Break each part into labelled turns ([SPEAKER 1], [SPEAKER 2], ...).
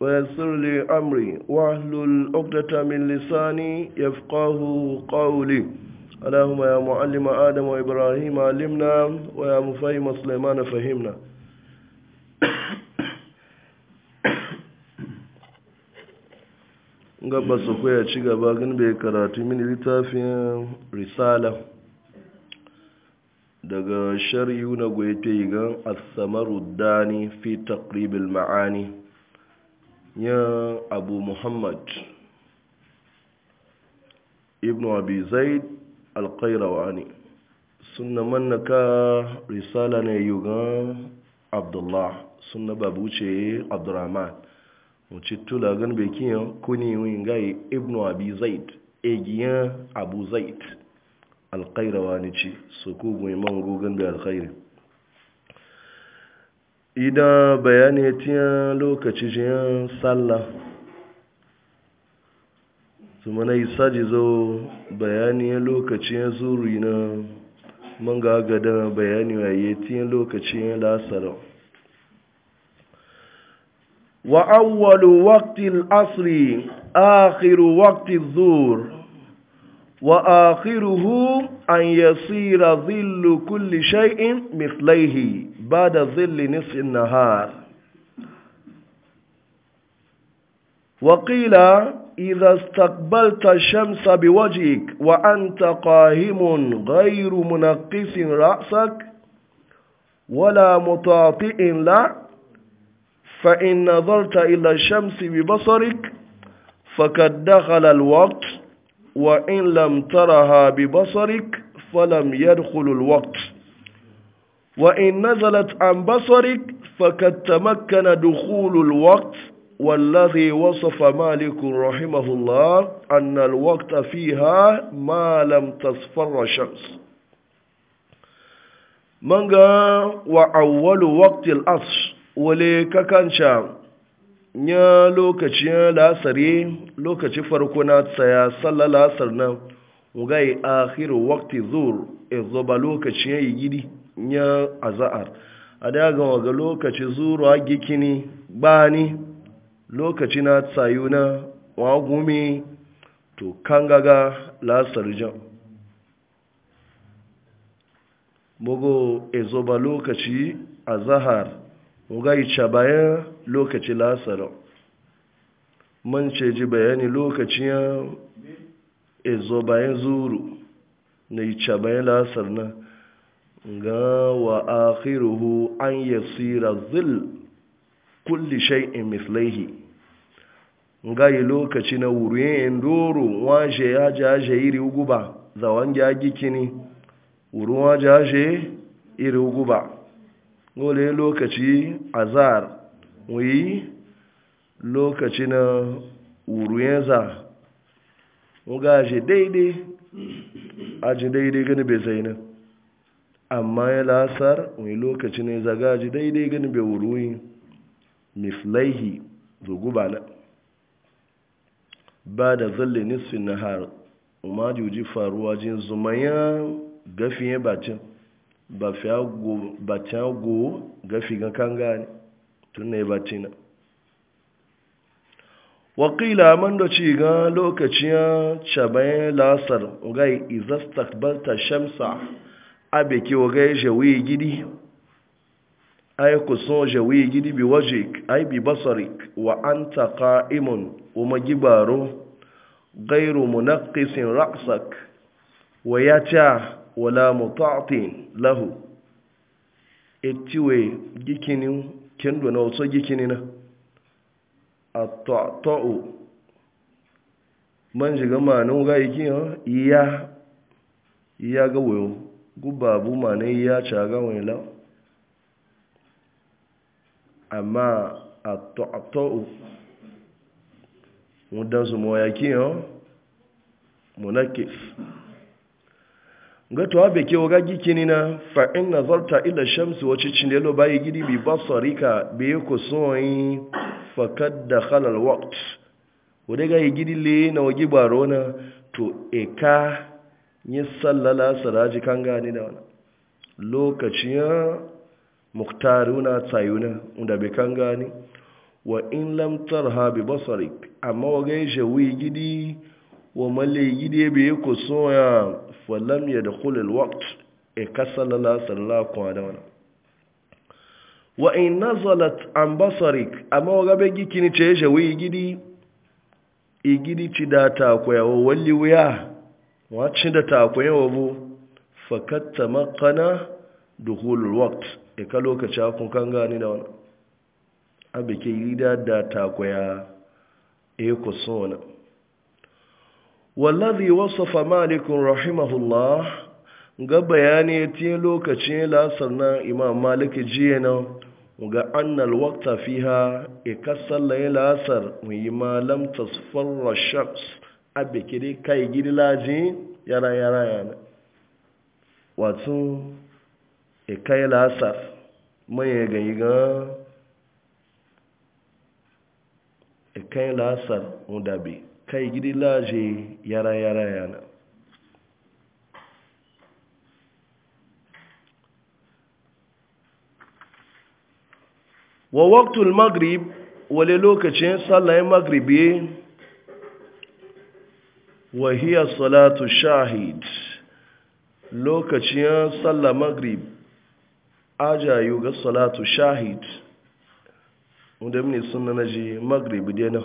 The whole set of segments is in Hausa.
[SPEAKER 1] ويسر لي أمري وأهل الأقدة من لساني يفقه قولي اللهم يا معلم آدم وإبراهيم علمنا ويا مفهم سليمان فهمنا gaba su koya ci gaba gan bai karatu mini littafin risala daga shari'u na goyi ta yi gan asamaru dani fi takribin ma'ani ya abu muhammad ibn abi zaid alkairawani suna mannaka risala na yugan abdullah suna babu ce abdurrahman wuce tula gan bekin kuni wingaye ibn abi zaid egiyan abu zaid alkairawani ce su kogun iman da idan bayani tiyan lokaci jiyan sallah su mana isa zo bayani lokacin zuri na man ga gada bayani wa yi tiyan lokacin lasarar wa awwalu waqtil asri akhiru waqtil zuhr wa akhiruhu an yasira dhillu kulli shay'in mithlaihi بعد ظل نصف النهار وقيل إذا استقبلت الشمس بوجهك وأنت قاهم غير منقص رأسك ولا متعطئ لا فإن نظرت إلى الشمس ببصرك فقد دخل الوقت وإن لم ترها ببصرك فلم يدخل الوقت وإن نزلت عن بصرك فقد تمكن دخول الوقت والذي وصف مالك رحمه الله أن الوقت فيها ما لم تصفر الشمس من وأول وقت العصر ولككنشا يا لوكتشي لاسري لوكتشي فركونات سيا صلى لاسرنا وغاي آخر وقت الظهر الظبا لوكتشي يجيدي ya aza'ar a daga waga lokaci zuruwa gikini ni lokaci na tsayu na wagumi to kan gaga lasar jan bugu ezoba lokaci a zahar ica bayan lokaci lasar man ce ji bayani lokaci ya ezo bayan zuru na ica bayan lasar na ga wa akhiruhu an yasira zil kulli shay'in mislaihi Ga yi lokaci na wurin doro waje ya jaje iri guba za wange agikini wurin waje jaje iri guba gole lokaci azar wi lokaci na wurin za nga je daidai aje daidai gani bai zaina. amma ya lasar wani lokaci ne zagaji daidai gani bai wuri mislaihi ba na ba da zalle nisfin har umar juji faruwa jin zumaya ya bacin ba fiya go gafi ga kan gani tun na ne bacina wakila man da ci ga lokaci ya cabayin lasar gai izastakbalta shamsa abe ki waga jawi gidi ay ku so jawi gidi bi wajik ay bi basarik wa anta qa'imun wa magibaro ghayru munaqqisin ra'sak wa yata wala muta'tin lahu etiwe gikini kendo na oso gikini na at-ta'ta'u man jiga ma ya ga ikiyo iya ga gubabu ma na ya caga wani amma a to'u mudan su mawayaki yawon munakif ga tuwa beke waga gikini na fa'in nazarta ila shamsi wace cinelo bayi gidi bi basarika biye ku soyi fakad da halal wakt wadda ga yi gidi le na wagi baro na to eka yi sallala saraji kan gani da wani lokacin ya muktaruna tsayuna inda bai kan gani wa in lamtar habi basari amma wa yi shawi gidi wa male gidi bai yi ku soya falam ya da kulil wakt e kasallala sallala kuma da wani wa in nazalat an basari amma wa gabe gikini ce ya shawi gidi igidi ci data wa walli wuya wacce da takwai yawa bu fakatta makana duhul wakt ya e ka lokaci akun kan gani da wani abu ke yi da da takwaya eko sona wallazi wasafa malikun rahimahullah ga bayani ta lokacin lasar na imam Malik jiya na ga annal wakta fiha ikasar e lai lasar mai malam tasfarar shams abe kiri kai gidi laji yara yara yana wato e kai lasar manye ganyi ga e kai lasar mudabi kai gidi laji yara yara yana wa waktul magrib wale lokacin sallayin magribi wahiyar salatu shahid lokacin sallah maghrib ajayu ga salatu shahid wanda mini suna na ji maghrib dena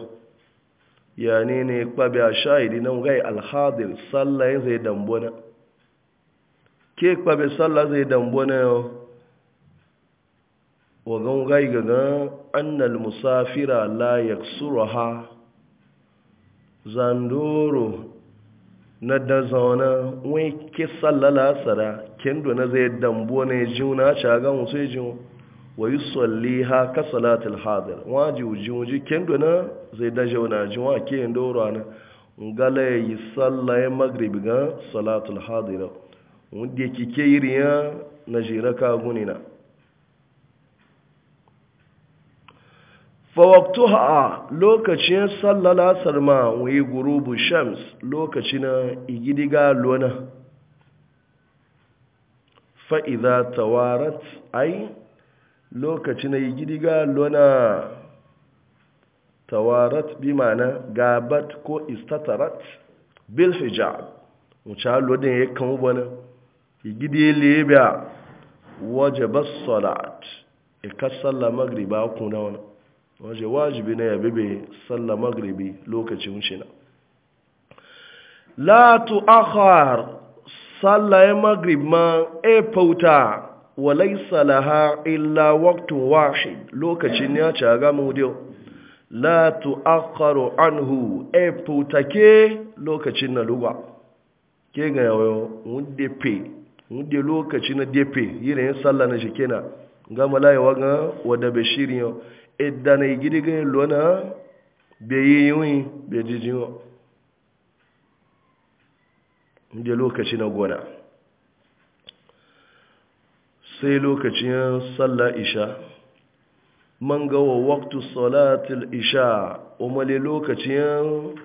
[SPEAKER 1] ya ne ne kwabi a shahidi nan gai alhadir sallah yin zai dambona ke kwabi sallah zai dambona yau wagon gai gaga annal musafira la yaksuraha zandoro na da zaune wai kisa sallala kendo na zai dambo ne jiuna shaga musu yi jiun wa yi tsalli ha ka salatul hadar waji jiunji kendo na zai da jauna jiun ke yin doro na ngala ya yi ya magribi ga salatul wadda ya kike yi riya na jiraka gunina fawaktuha lokacin sallala sarma wai gurubu shams lokaci igidiga lona fa'iza tawarat ai lokaci na igidiga lona tawarat bi mana gabat ko istatarat bil hijab wuce lodin ya kan wani igidi libya waje salat ikas sallah magriba kuna wani waje wajibi na yabe bai sallah magribi lokacin shina la tu akhar sallah ya magrib ma e pauta wa laysa laha illa waqtun wahid lokacin ya ci ga mu dio la tu akharu anhu e pauta ke lokacin na lugwa ke ga yawo mun pe mun de lokacin na depe yin sallah na shi kenan ga malayewa ga wada bashirin idan na gidi ga lona bai yi yiwu bai jiji wa inda na gona sai lokacin sallah isha man ga wa waktu salatil isha umali lokacin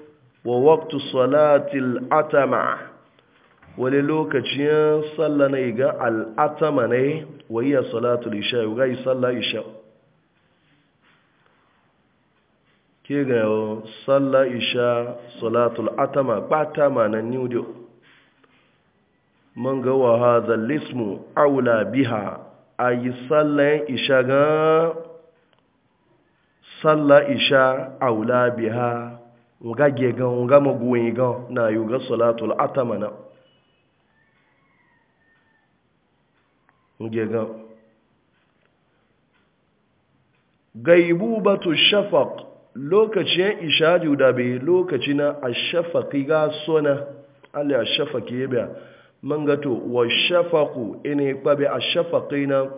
[SPEAKER 1] wa waktu salatil atama wani lokacin sallah na iga al'atama ne wa iya salatul isha yi ga yi sallah isha ke ga sallah isha salatul atama bata manan new deal man ga wa hadha lismu aula biha ayi sallah isha ga sallah isha aula biha nga ge ga nga ga na yu ga salatul atama na nge ga gaibubatu shafaq lokacin ishaju da bai lokaci na a ashafaki ga sona a ashafaki ya biya mangato wa shafaku ina ya kwabe ashafaki na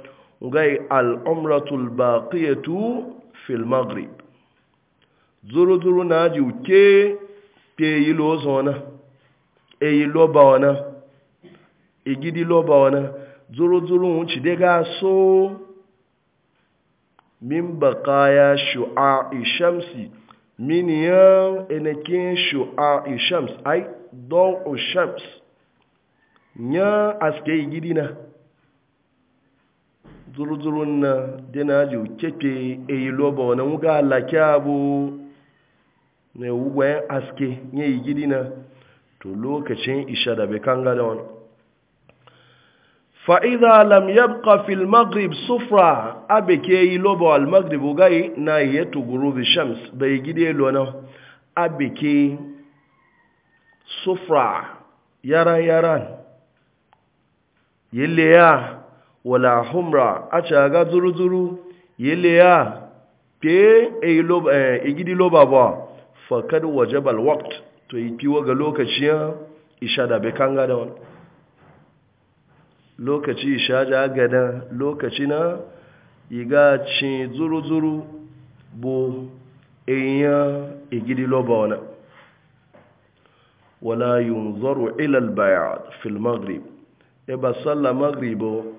[SPEAKER 1] gai al’amratul baƙiyatu fil maghrib zuru-zuru na ji uke pe yi lo e eyi lo ba wana igidi e lo ba wana zuru-zuru wuce daga so min bakaya shu'a'i shamsi min yan enakin shu'a'i shams ai don shams nya aske gidina zurzurun na dina ji keke eyi loba wani wuga alaki abu na wugwayen aske ya yi to lokacin isha da bai kan gada wani fa'iza lam yabqa maghrib sufra abe ke yi lobo al maghrib gai na ya tuguru bi shams bai gide lona abe ke sufra yaran yaran yille ya wala humra a caga zuru-zuru yille ya pe e loba e, e ba fakad wajabal waqt to yi piwa ga lokacin isha da bekanga da wani lokaci sha gada lokaci na iga ci zuru-zuru bu iya igidi loba wana wala yun zoro ilal bayad fil maghrib eba salla maghribo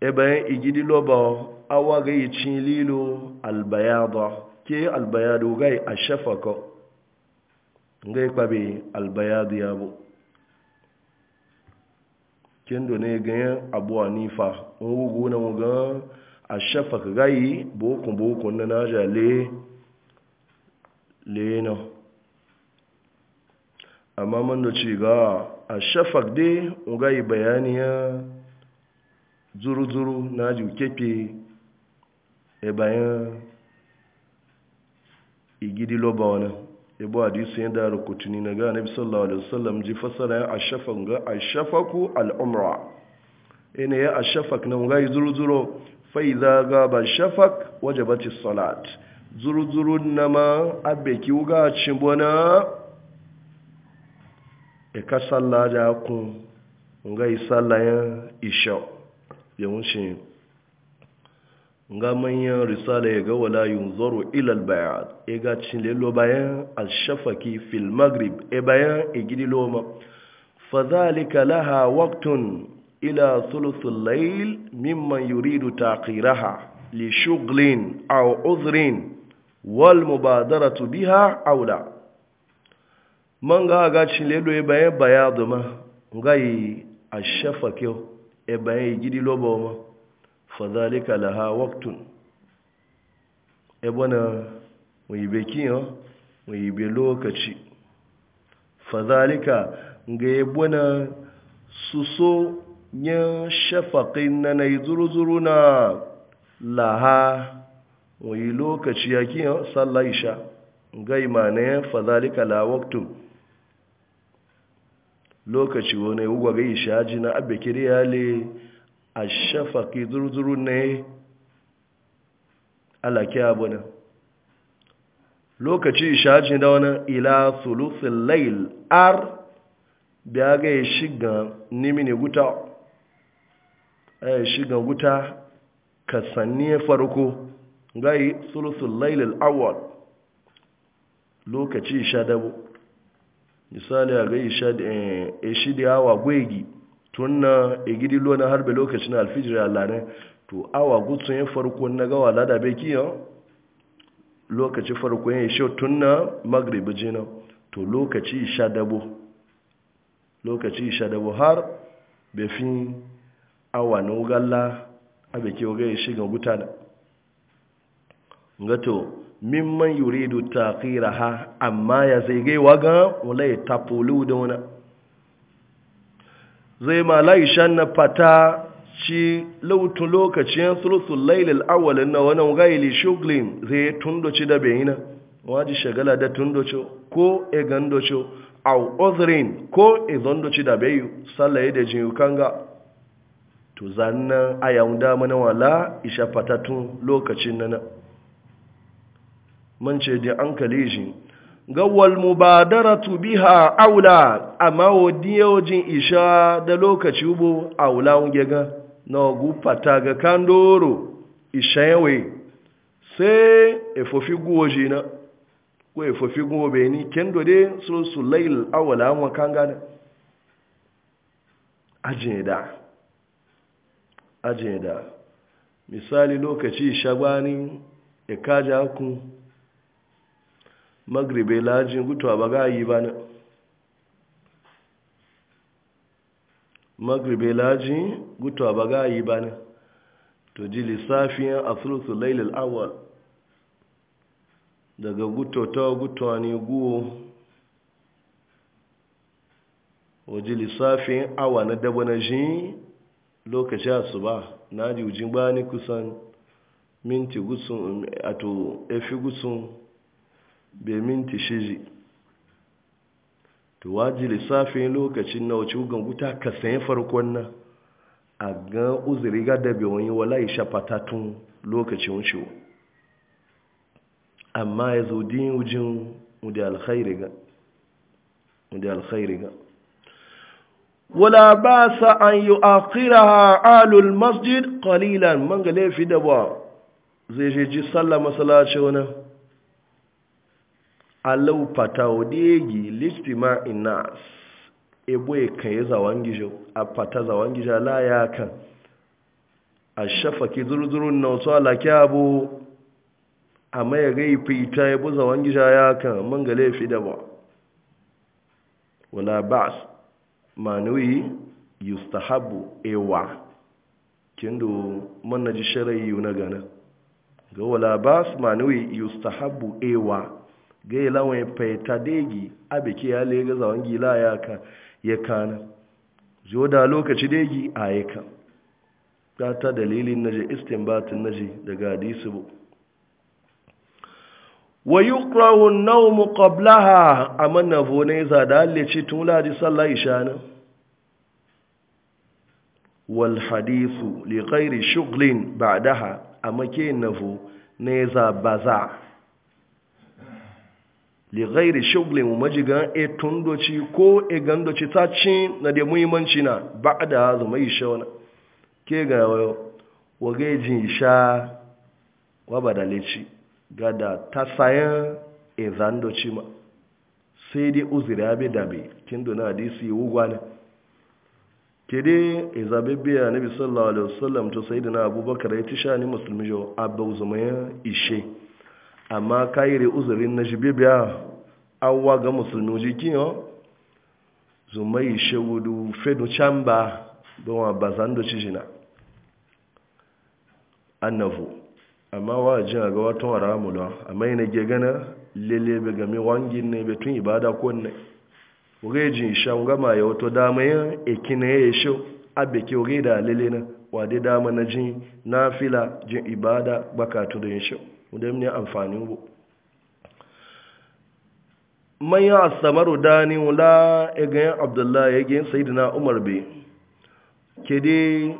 [SPEAKER 1] eba yin igidi loba awa ga yi ci lilo albayado ke albayado yi a shafaka yi kwabe albayado bu. kendo ne abu abuwa nifa wugu na wuga a shafa ka gayi bokun bokun na naja le na amma man da ce ga a shafa dai wugayi bayaniya zuru-zuru na ji keke e bayan igidi loba wani ibu hadisi yadda rukutuni na ga nabi sallallahu alaihi wasallam ji fasara ya ashafan ga ashafaku al'umra ina ya ashafak nan ga zuru-zuru fai za ga ba shafak ci salat zuru-zuru na ma abeki wuga cimbona ya e ka salla da kun ga yi salla ya isha yawancin nga manyan risala ya ga wala zoro ilal bayan e ga lelo bayan al fil maghrib e bayan e gidi loma fadhalika laha waqtun ila thuluthul layl mimman yuridu taqiraha li shughlin aw udhrin wal mubadaratu biha aw la man ga ga lelo e bayan bayad ma ngai al-shafaki e bayan e gidi lobo ma Fazalika laha waqtun e bona mu yi bekiyo mu yi be lokaci fazalika ga e su suso nya shafaqin na nay zuruzuruna laha mu yi lokaci yakiyo sallaisha ga imane fazalika la waqtun lokaci wani ugwa ga ishaji na le. a shafaki zurzuru ne abu ne lokaci shajin da wani ila sulusin lail ar biya ga ya shiga nimini guta ya shiga guta kasanni farko gai sulusin lail al'awar lokaci sha dabo misali a ga ya shi da yawa gwegi tunna na igidi lona harbe lokacin alfijir alare to awa gutsun yin farko na gawa lada bai kiyo lokaci farko yin ishe tunna na magribi jina to lokaci isha dabo lokaci isha dabo har bai fi awa na galla abe bai ke shiga ishe ga gutana ngato mimman yuridu takira ha amma ya zai gai waga wala ya tapolu da wani zai ma laishan na fata ci lautun lokacin sulusun lailil awalin na wani gaili shuglin zai tundoci da bayina waji shagala da tundoci ko e gandoci a ozirin ko e zondoci da bayu sallaye da jin kanga to zanna a yawon dama na wala isha tun lokacin nana mance ce da an kale shi ga wal mubadaratu biha aula amma wodiyojin isha da lokaci ubo aula unge ga na ogu fata ga kandoro isha yawe sai efofi guwoji na ko efofi guwobe ni kendo de so su lail awala gane kanga ne ajeda ajeda misali lokaci shagwani e kaja ku. magribe lajin gutuwa ba ga yi ba ne magribe lajin gutuwa ba ga yi ba ne to ji lissafiyan a sulusu lailil awal daga gutota gutuwa ne guwo waje lissafin awa na daba na shi lokaci a su ba na ji ujin ba ni kusan minti gusun to efi gusun bai minti shiji to waji lissafin lokacin na wacce ugan guta ka sayan farkon nan a ga uzuri gada bai wani wala ya shafata tun lokacin wucewa amma ya zo din wujin da alkhairi ga wala ba sa an yi a alul masjid kalilan man ga laifi da ba zai je ji sallama masallaci wani alau listi listima inas ebo ka yi zawon gijo a fata zawon gijo la ya kan a shafa ki zurzurun na wasu alaki abu a mai rai fita ebo zawon gijo ya kan man gale fi da ba wala bas manui yustahabu ewa kendo manaji na ji na gana ga wala ba'as manuyi yustahabu ewa ga lawan faita degi abike ya lega zawon gila ya ka ya kana zo da lokaci daigi a ya ka ta ta dalilin naje istinbatin naji daga hadisi bu wa yukrahu an-nawm qablaha amanna vone za da leci tun sallah ishana wal hadithu li ghairi shughlin ba'daha a nafu ne za baza lighairi shuglin majigan e tundoci ko e gandoci ta ci na da muhimmanci na ba da hazu mai sha wani ke ga wage jin sha waba da leci ta sayan e zandoci ma sai dai uzuri abe da bai kin dona hadisi wugwa ne biya nabi sallallahu alaihi wasallam to sayyidina abubakar ya tisha ni musulmi jo abba uzumayan ishe amma kayire uzurin na shi bibiya awa ga musulmi jikin yau zumai shewudu fedu chamba don wa bazan da ci jina annafu amma wa jin ga watan wa a amma na ke gana lele bai game wangin ne bai tun ibada ko ne oge jin shan gama ya wato dama yin ekina ya shi abe ke oge da lele na wade dama na jin fila jin ibada bakatu da yin shi da ya amfani bu manyan asamaru dani wula egayen abdullahi egayen sayidina umar bai, ke dai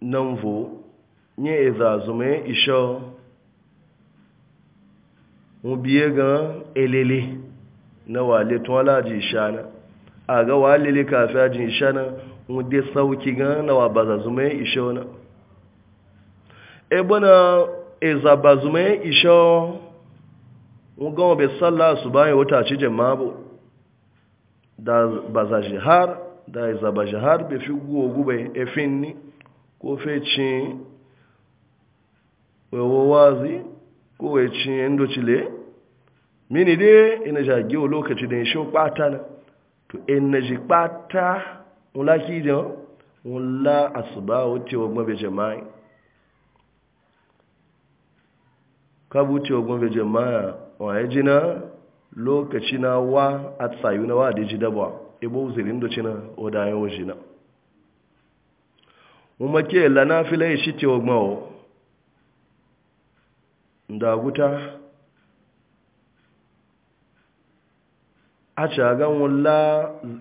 [SPEAKER 1] nan vo ne eza zume isho mu biye ga elele na wale tun alaji ishana a ga walele kafin ajin ishana mu dai sauki ga na wa baza zume isho na ebona ezabazume isho ngon be sallah subhanahu wa wata cije mabo da bazaji har da ezabaji har be fi guwo gube ni ko fecin wewo wazi ko wecin endo chile mini de ina jagi o lokaci da isho pata na to ina ji pata mulaki jan wula asuba wuce wa mabe jama'i ka buce ogun bai jama'a waye jina lokaci na wa a tsayu na wa da e ji daba ibo zirin da cina o da yawo e jina umma ke la na fila yi e shite wa mawo da a ci a gan wula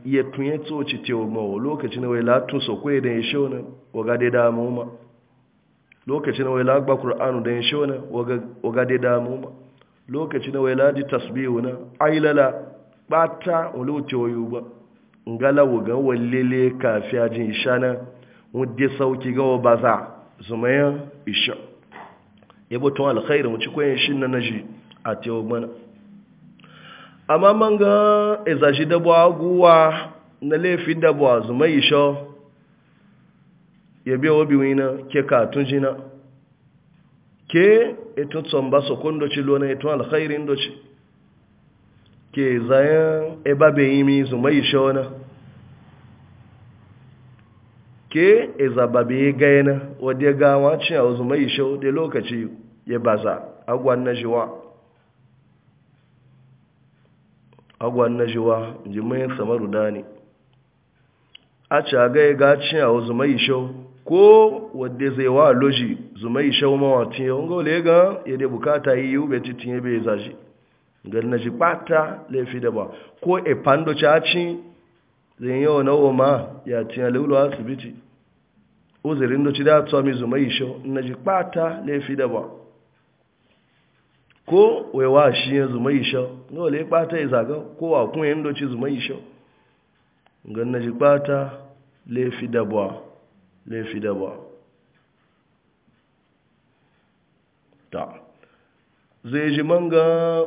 [SPEAKER 1] ya tunye tsoci te wa mawo lokaci na wai latun so kwaye da ya shi wani waga dai da ma lokacin wai lagba qur'anu da yin shona waga da damu ma lokacin wai ladi tasbihu na ailala bata uluce wayu ba ngala waga wallele kafiya jin shana mudde sauki ga baza zumaya isha yabo ton alkhair mu ci koyin shin na naji a tewa mana amma manga ezaji da bo guwa na lefi da bo zumaya isha ya biya wabi wina ke katun na. ke etu tsomba sokon doci lona etu alkhairin doci ke zayen ebabe yimi zumai shona ke ezababe gaina wadda gawa cin a zumai shau da lokaci ya baza agwan na jiwa agwan na jiwa jimayin samaru dani a ci a ga ya gacin a zumai ko wadda zai wa loji zumai shau mawacin yawon gaule ga yadda bukata yi yiwu bai titin yabe za shi gani na ji ɓata laifi da ba ko e pando caci zai yi yawa na woma ya tiya lulu asibiti uzirin doci da tuwa mai zumai shau na shi ɓata laifi da ba ko wai waiwa shi ya zumai shau gaule ɓata ya zaga ko wa kun yin doci zumai shau gani na ji ɓata laifi da ba laifi da ba ta zai ji manga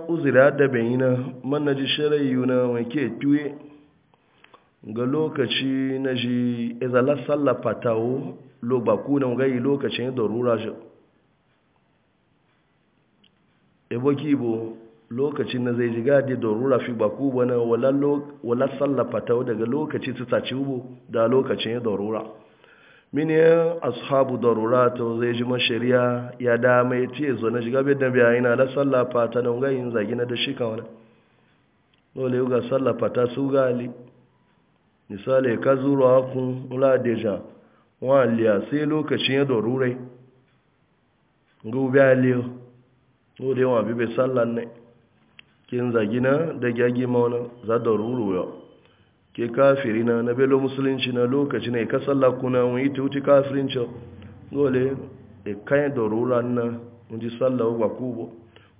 [SPEAKER 1] uzira da bayina manna ji shirayu na wanke tuye ga lokaci na ji izalar sallafa tawo lobaku na gai lokacin da rura shi ebo kibo lokacin na zai jiga da dorura fi baku wani wala sallafa tawo daga lokaci su taci ubo da lokacin ya dorura mini ashabu darurata zai ji mashari'a ya dama ya ce zo na shiga bidan biya ina la sallafa ta nan ga yin zagi na da shi kan wani dole ga sallafa ta su gali misali ka zuru hakun ula deja wa liya sai lokacin ya darurai ga ubi aliyo dole wa bibe sallan ne kin zagi na da gyagi mauna za daruru yau ke kafiri na na belo musulunci na lokaci ne ka kuna wani ita wuce kafirinci gole e kayan da rura na ji sallah wa kubo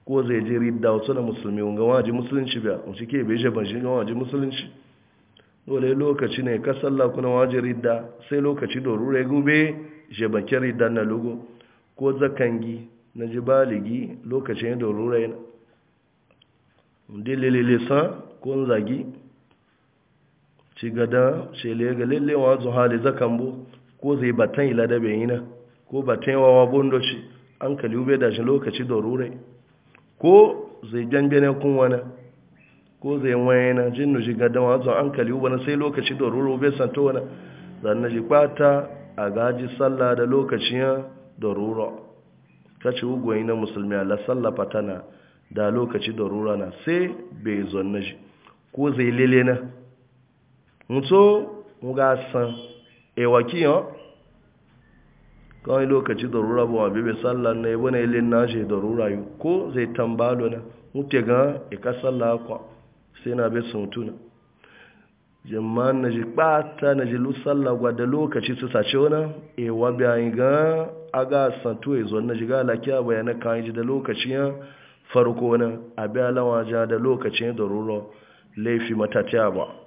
[SPEAKER 1] ko zai je ridda wasu na musulmi wunga ji musulunci biya wunci ke beje ban shi ji musulunci gole lokaci ne ka kuna ji ridda sai lokaci da rura ya gube je bakin ridda na logo ko zakangi na ji baligi lokacin da rura yana dilililisan ko zagi ci gada ce ga lalle zu hali zakan bu ko zai batan ila da bayina ko batan wawa bondo shi an kali ube da shi lokaci da rure ko zai gangane kun wani ko zai wayana jinnu shi gada wa zu an kali ube na sai lokaci da rure ube santo wani zanna shi kwata a gaji sallah da lokacin da rura kace ugwai na musulmi ala sallah fatana da lokaci da rura na sai bai zonna shi ko zai lele na mutu muga san ewa kiyan kawai lokaci da rura ba wabe sallan na yabo na ilin na shi da rura yi ko zai tambalo na mutu ga ka sallah kwa sai na bai sun tuna jama'an na je kpata na ji lusalla da lokaci su sace wani ewa bayan ga aga santu ya zo na ji ga lakiya bayana kan ji da lokaci ya farko wani abin alawa ja da lokaci ya da rura laifi matatiya ba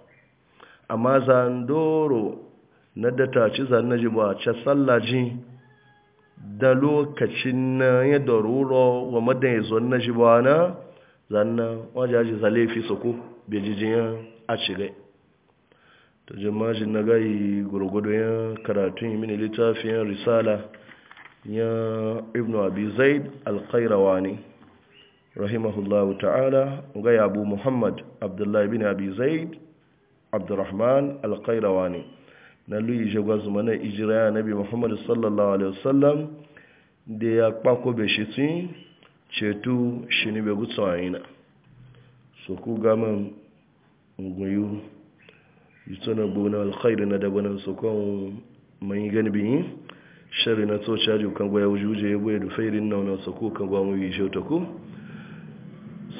[SPEAKER 1] amma zandoro na da ta ci zan ji ba ce tsallaji da lokacin na ya ruro wa madan ya zo na ji ba na zanna wajaji zalefi su ku bejijin a shigai ta jimajin na gai gurgudu ya karatun mini littafin risala ya ibn abi zaid ne rahimahullahu ta'ala ga abu muhammad abdullahi bin abi zaid abdurrahman ne na luyi jagwazu mana ijira ya bi muhammadu sallallahu alaihi wasallam da ya kpako bai shi tun ceto shi ne bai gutsu yi na? so ku gama ngwayo yito na gbona alkhairu na dabanan so kan mai gani biyi shari na to caji kan gwaya wujuje ya gwaya da fairin nauna wani so ku kan gwamu yi shi ta ku